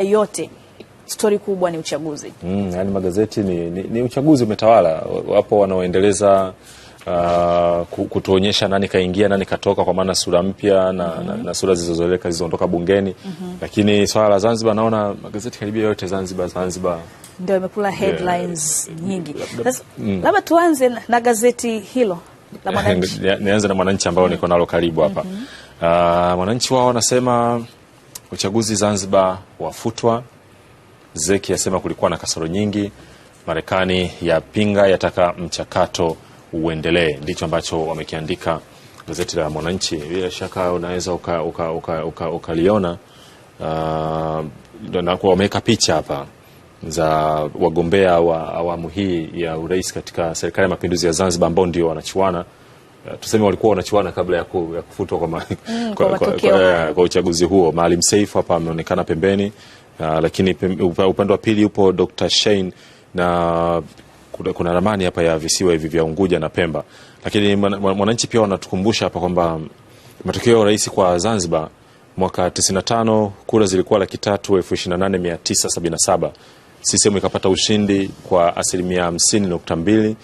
Eh, yote stori kubwa ni uchaguzi. Mm, yani magazeti ni, ni, ni uchaguzi umetawala. Wapo wanaoendeleza uh, kutuonyesha nani kaingia nani katoka, kwa maana sura mpya na, mm -hmm. na, na sura zilizozoeleka zilizoondoka bungeni mm -hmm. lakini swala la Zanzibar naona magazeti karibia yote Zanzibar Zanzibar ndio imekula headlines yeah, nyingi mm. Labda tuanze na gazeti hilo la Mwananchi. Nianze na Mwananchi ambayo mm -hmm. niko nalo karibu hapa mm -hmm. uh, Mwananchi wao wanasema Uchaguzi Zanzibar wafutwa. Zeki asema kulikuwa na kasoro nyingi. Marekani yapinga, yataka mchakato uendelee. Ndicho ambacho wamekiandika gazeti la Mwananchi. Bila shaka unaweza ukaliona uka, uka, uka, uka uh, wameweka picha hapa za wagombea wa awamu hii ya urais katika serikali ya mapinduzi ya Zanzibar ambao ndio wanachuana Eh, tuseme walikuwa wanachuana kabla ya ku, ya kufutwa kwa, mm, kwa, kwa, kwa, kwa, eh, kwa uchaguzi huo. Maalim Seif hapa ameonekana pembeni uh, lakini upande wa pili yupo Dr. Shein na kuna kuna ramani hapa ya visiwa hivi vya Unguja na Pemba, lakini mwananchi pia wanatukumbusha hapa kwamba matokeo ya rais kwa Zanzibar mwaka 95 kura zilikuwa laki tatu elfu ishirini na nane mia tisa sabini na saba CCM ikapata ushindi kwa asilimia 50.2,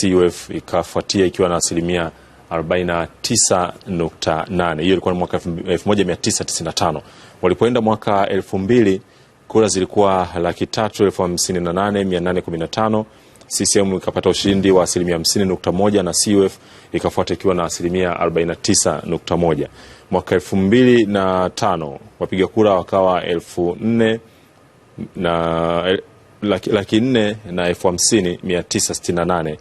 CUF ikafuatia ikiwa na asilimia 49.8. Hiyo ilikuwa mwaka 1995. Walipoenda mwaka 2000 kura zilikuwa laki tatu elfu hamsini na nane mia nane kumi na tano. CCM ikapata ushindi wa asilimia 50.1 na CUF ikafuata ikiwa na asilimia 49.1. Mwaka 2005 wapiga kura wakawa elfu nne na laki, laki nne na elfu hamsini mia tisa sitini na nane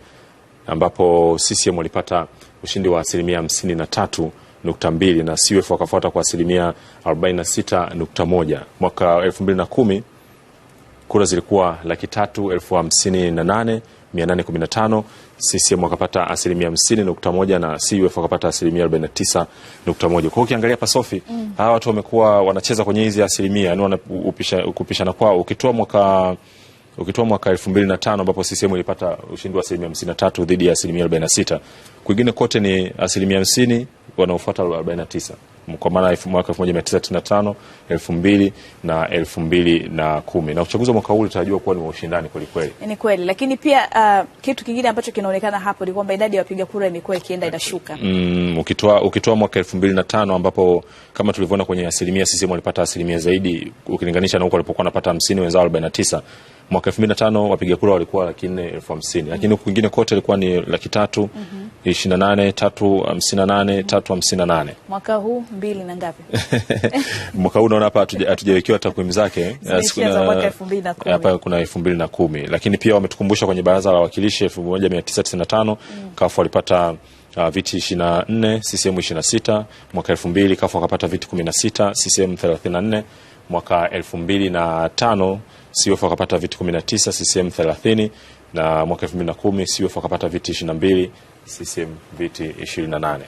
ambapo CCM walipata ushindi wa asilimia 53.2 na CUF wakafuata kwa asilimia 46.1. Mwaka 2010 kura zilikuwa laki tatu elfu hamsini na nane mia nane kumi na tano CCM wakapata asilimia 50.1 na CUF wakapata asilimia 49.1. Kwa hiyo ukiangalia pasofi mm, hawa watu wamekuwa wanacheza kwenye hizi asilimia, yani kupishana kwao, ukitoa mwaka ukitoa mwaka 2005 ambapo CCM ilipata ushindi wa asilimia 53 dhidi ya asilimia 46, kwingine kote ni asilimia 50, wanaofuata 49 kwa maana mwaka 1995, 2000 na 2010. Na na uchaguzi wa mwaka huu utarajiwa kuwa ni wa ushindani kweli kweli. Ni kweli, lakini pia uh, kitu kingine ambacho kinaonekana hapo ni kwamba idadi ya wapiga kura imekuwa ikienda inashuka. Mm, ukitoa ukitoa mwaka 2005 ambapo kama tulivyoona kwenye asilimia sisi walipata asilimia zaidi ukilinganisha na huko walipokuwa wanapata 50 wenzao 49 mwaka 2005 wapiga kura walikuwa laki nne elfu hamsini lakini huku kwingine kote ilikuwa ni laki tatu mm -hmm. Mwaka huu mbili na ngapi? hapa hatujawekewa takwimu zake hapa, kuna lakini pia wametukumbusha kwenye baraza la wawakilishi tano mm. kafu walipata Uh, viti 24 CCM sita mwaka mbili kafu wakapata viti 16 CCM nne mwaka tano CUF e wakapata viti 19 CCM thelathini na mwaka kumi CUF e wakapata viti mbili CCM viti 28.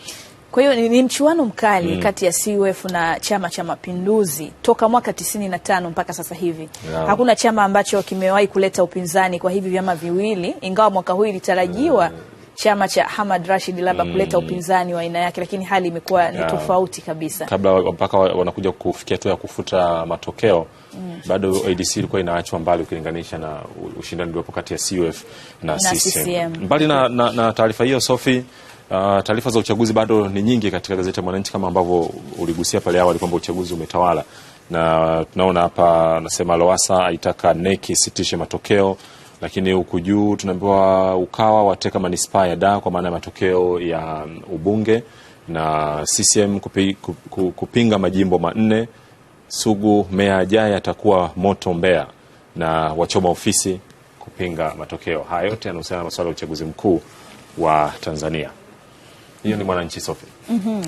Kwa hiyo ni mchuano mkali mm. kati ya CUF na Chama cha Mapinduzi toka mwaka 95 mpaka sasa hivi no. Hakuna chama ambacho kimewahi kuleta upinzani kwa hivi vyama viwili, ingawa mwaka huu ilitarajiwa mm. chama cha Hamad Rashid labda mm. kuleta upinzani wa aina yake, lakini hali imekuwa ni tofauti kabisa, kabla mpaka wanakuja kufikia tu ya kufuta matokeo mm. bado ADC ilikuwa inaachwa mbali ukilinganisha na ushindani uliopo kati ya CUF na, na CCM. CCM. Mbali na, na, na taarifa hiyo Sophie, Uh, taarifa za uchaguzi bado ni nyingi katika gazeti la Mwananchi kama ambavyo uligusia pale awali kwamba uchaguzi umetawala, na tunaona hapa anasema Lowassa aitaka NEC isitishe matokeo, lakini huku juu tunaambiwa Ukawa wateka manispaa ya Dar kwa maana ya matokeo ya um, ubunge, na CCM kupi, kupinga majimbo manne Sugu meya ajaye atakuwa moto Mbeya na wachoma ofisi kupinga matokeo. Haya yote yanahusiana na masuala ya uchaguzi mkuu wa Tanzania. Hiyo ni Mwananchi Sofi. mm -hmm.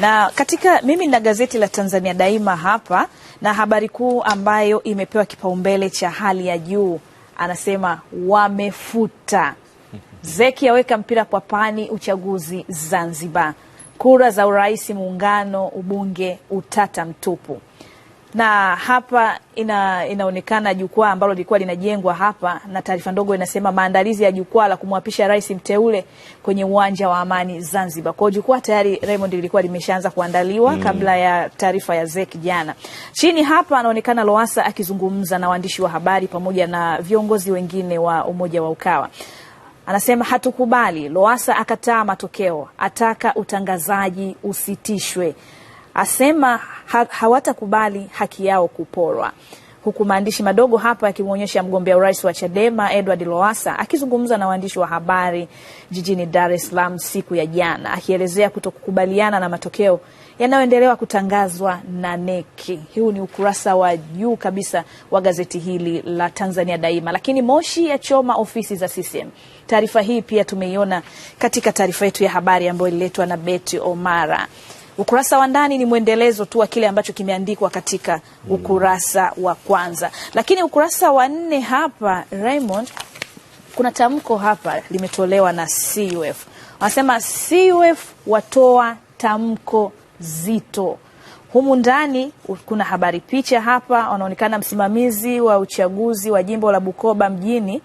Na katika mimi na gazeti la Tanzania Daima hapa na habari kuu ambayo imepewa kipaumbele cha hali ya juu, anasema wamefuta Zeki aweka mpira kwa pani, uchaguzi Zanzibar, kura za urais, muungano, ubunge utata mtupu na hapa ina, inaonekana jukwaa ambalo lilikuwa linajengwa hapa, na taarifa ndogo inasema maandalizi ya jukwaa la kumwapisha rais mteule kwenye uwanja wa Amani Zanzibar. Kwa jukwaa tayari Raymond, lilikuwa limeshaanza kuandaliwa mm, kabla ya taarifa ya ZEC jana. Chini hapa anaonekana Lowassa akizungumza na waandishi wa habari pamoja na viongozi wengine wa umoja wa Ukawa. Anasema hatukubali. Lowassa akataa matokeo, ataka utangazaji usitishwe asema ha, hawatakubali haki yao kuporwa huku maandishi madogo hapa yakimwonyesha mgombea urais wa Chadema Edward Lowassa akizungumza na waandishi wa habari jijini Dar es Salaam siku ya jana, akielezea kutokukubaliana na matokeo yanayoendelewa kutangazwa na neki. Huu ni ukurasa wa juu kabisa wa gazeti hili la Tanzania Daima. Lakini moshi ya choma ofisi za CCM. Taarifa hii pia tumeiona katika taarifa yetu ya habari ambayo ililetwa na Betty Omara. Ukurasa wa ndani ni mwendelezo tu wa kile ambacho kimeandikwa katika ukurasa wa kwanza, lakini ukurasa wa nne hapa, Raymond, kuna tamko hapa limetolewa na CUF. Wanasema CUF watoa tamko zito humu ndani kuna habari picha hapa, wanaonekana msimamizi wa uchaguzi wa jimbo la Bukoba mjini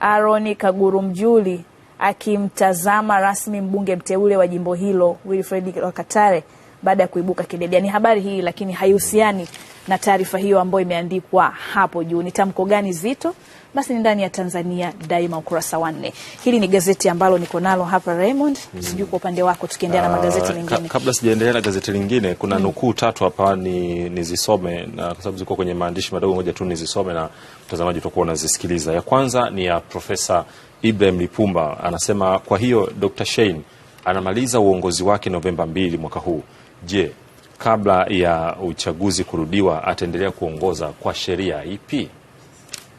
Aaron Kaguru Mjuli akimtazama rasmi mbunge mteule wa jimbo hilo Wilfred Wakatare baada ya kuibuka kidedea. Ni habari hii lakini haihusiani na taarifa hiyo ambayo imeandikwa hapo juu. Ni tamko gani zito? Basi ni ndani ya Tanzania Daima ukurasa wa nne. Hili ni gazeti ambalo niko nalo hapa Raymond, mm. Sijui kwa upande wako tukiendelea na ah, magazeti mengine. Ka, Kabla sijaendelea na gazeti lingine, kuna mm. nukuu tatu hapa ni nizisome, na kwa sababu ziko kwenye maandishi madogo, moja tu nizisome na mtazamaji utakuwa unazisikiliza. Ya kwanza ni ya Profesa Ibrahim Lipumba, anasema kwa hiyo Dr. Shein anamaliza uongozi wake Novemba mbili mwaka huu. Je, kabla ya uchaguzi kurudiwa ataendelea kuongoza kwa sheria ipi?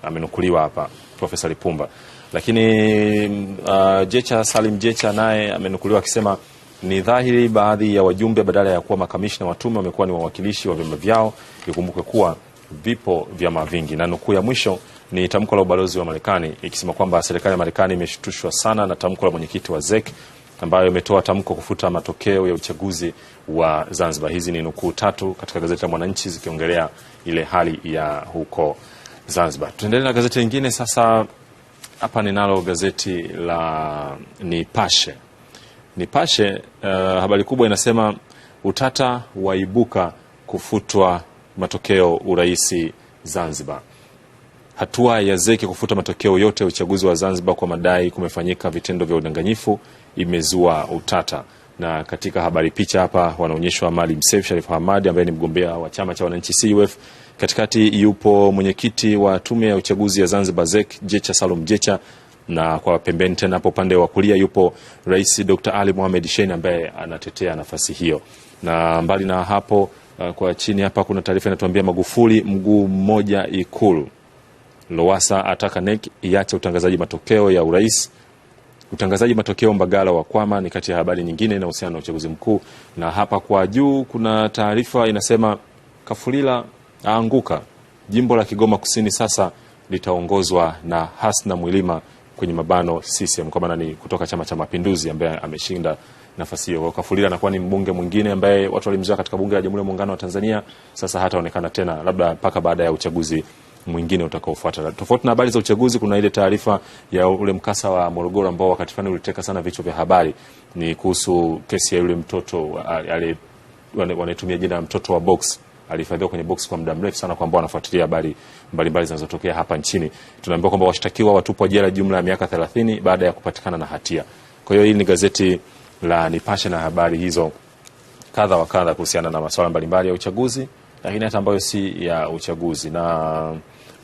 Amenukuliwa hapa Profesa Lipumba, lakini mm, uh, Jecha Salim Jecha naye amenukuliwa akisema ni dhahiri baadhi ya wajumbe badala ya kuwa makamishna wa tume wamekuwa ni wawakilishi wa vyama vyao. ikumbuke kuwa vipo vyama vingi. Na nukuu ya mwisho ni tamko la ubalozi wa Marekani ikisema kwamba serikali ya Marekani imeshtushwa sana na tamko la mwenyekiti wa ZEC ambayo imetoa tamko kufuta matokeo ya uchaguzi wa Zanzibar. Hizi ni nukuu tatu katika gazeti la Mwananchi zikiongelea ile hali ya huko Zanzibar. Tuendelee na gazeti lingine sasa. Hapa ninalo gazeti la Nipashe. Nipashe uh, habari kubwa inasema utata waibuka kufutwa matokeo uraisi Zanzibar. Hatua ya zeki kufuta matokeo yote ya uchaguzi wa Zanzibar kwa madai kumefanyika vitendo vya udanganyifu imezua utata. Na katika habari picha hapa wanaonyeshwa Maalim Seif Sharif hamadi ambaye ni mgombea wa chama cha wananchi CUF. Katikati yupo mwenyekiti wa tume ya uchaguzi ya Zanzibar zek Jecha Salum Jecha, na kwa pembeni tena hapo upande wa kulia yupo Rais Dr. Ali Mohamed Shein ambaye anatetea nafasi hiyo, na mbali na hapo, uh, kwa chini hapa kuna taarifa inatuambia Magufuli mguu mmoja Ikulu. Lowasa ataka NEC iache utangazaji matokeo ya urais. Utangazaji matokeo Mbagala wa kwama ni kati ya habari nyingine inahusiana na uchaguzi mkuu, na hapa kwa juu kuna taarifa inasema Kafulila aanguka. Jimbo la Kigoma Kusini sasa litaongozwa na Hasna Mwilima kwenye mabano CCM, kwa maana ni kutoka Chama cha Mapinduzi, ambaye ameshinda nafasi hiyo. Kafulila anakuwa ni mbunge mwingine ambaye watu walimzoea katika bunge la Jamhuri ya Muungano wa Tanzania, sasa hataonekana tena, labda mpaka baada ya uchaguzi mwingine utakaofuata. Tofauti na habari za uchaguzi, kuna ile taarifa ya ule mkasa wa Morogoro ambao wakati fulani uliteka sana vichwa vya habari, ni kuhusu kesi ya yule mtoto wanayetumia jina la mtoto wa box alihifadhiwa kwenye box kwa muda mrefu sana, kwa ambao wanafuatilia habari mbalimbali zinazotokea hapa nchini. Tunaambiwa kwamba washtakiwa watupwa jela jumla ya miaka 30 baada ya kupatikana na hatia. Kwa hiyo hili ni gazeti la Nipashe na habari hizo kadha wa kadha kuhusiana na masuala mbalimbali ya uchaguzi lakini eh, hata ambayo si ya uchaguzi, na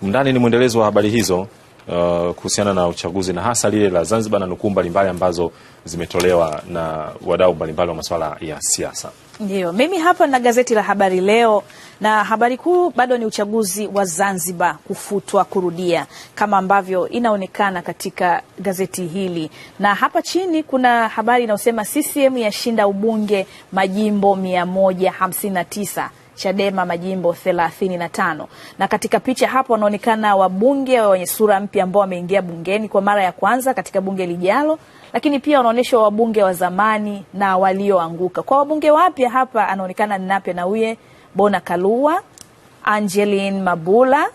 mndani mm, ni mwendelezo wa habari hizo Uh, kuhusiana na uchaguzi na hasa lile la Zanzibar na nukuu mbalimbali ambazo zimetolewa na wadau mbalimbali wa masuala ya siasa. Ndio, mimi hapa na gazeti la Habari Leo na habari kuu bado ni uchaguzi wa Zanzibar kufutwa kurudia kama ambavyo inaonekana katika gazeti hili, na hapa chini kuna habari inayosema CCM yashinda ubunge majimbo 159 Chadema majimbo 35. na na katika picha hapo wanaonekana wabunge wenye sura mpya ambao wameingia bungeni kwa mara ya kwanza katika bunge lijalo, lakini pia wanaonyeshwa wabunge wa zamani na walioanguka. Kwa wabunge wapya hapa anaonekana Nape Nnauye, Bona Kalua, Angeline Mabula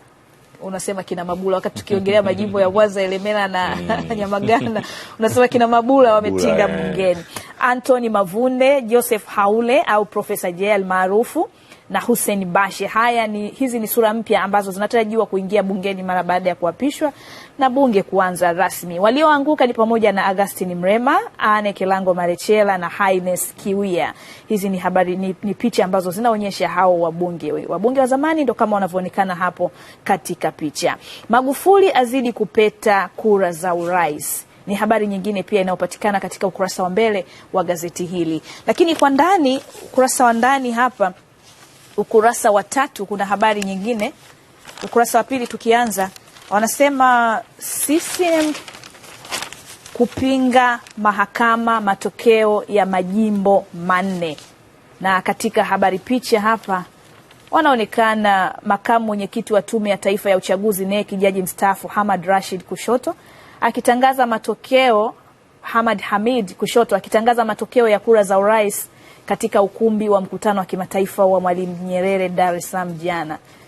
unasema kina Mabula wakati tukiongelea majimbo ya Mwanza, Elemela na mm. Nyamagana, unasema kina Mabula wametinga eh. bungeni. Anthony Mavunde, Joseph Haule au Profesa Jay almaarufu, na Hussein Bashe. Haya ni hizi ni sura mpya ambazo zinatarajiwa kuingia bungeni mara baada ya kuapishwa na bunge kuanza rasmi. Walioanguka ni pamoja na Augustine Mrema, Anne Kilango Marechela na Highness Kiwia. Hizi ni habari ni, ni picha ambazo zinaonyesha hao wabunge wabunge wa zamani ndo kama wanavyoonekana hapo katika picha. Magufuli azidi kupeta kura za urais ni habari nyingine pia inayopatikana katika ukurasa wa mbele wa gazeti hili, lakini kwa ndani, ukurasa wa ndani hapa ukurasa wa tatu kuna habari nyingine, ukurasa wa pili tukianza, wanasema CCM kupinga mahakama matokeo ya majimbo manne. Na katika habari picha hapa wanaonekana makamu mwenyekiti wa Tume ya Taifa ya Uchaguzi naye kijaji mstaafu Hamad Rashid Kushoto akitangaza matokeo, Hamad Hamid Kushoto akitangaza matokeo ya kura za urais katika ukumbi wa mkutano wa kimataifa wa Mwalimu Nyerere Dar es Salaam jana.